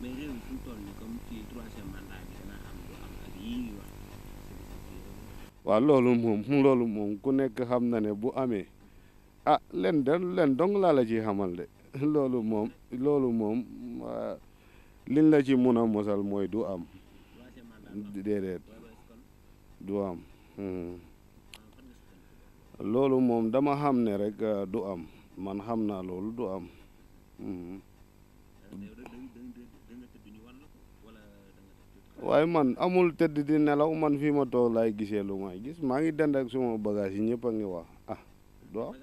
mais réew loolu moom loolu moom ku nekk xam na ne bu amee a ah, len de len dong laa la de loolu moom loolu moom ah, liñ la ci mun a mosal mooy du am déedéet du am hmm. loolu moom dama xam ne rek ah, du am man xam naa loolu du am hmm. waaye man amul tëdd di nelaw man fii ma toog laay gisee lu may gis maa ngi dend ak suma bagage yi ñëpp a ngi wax ah doo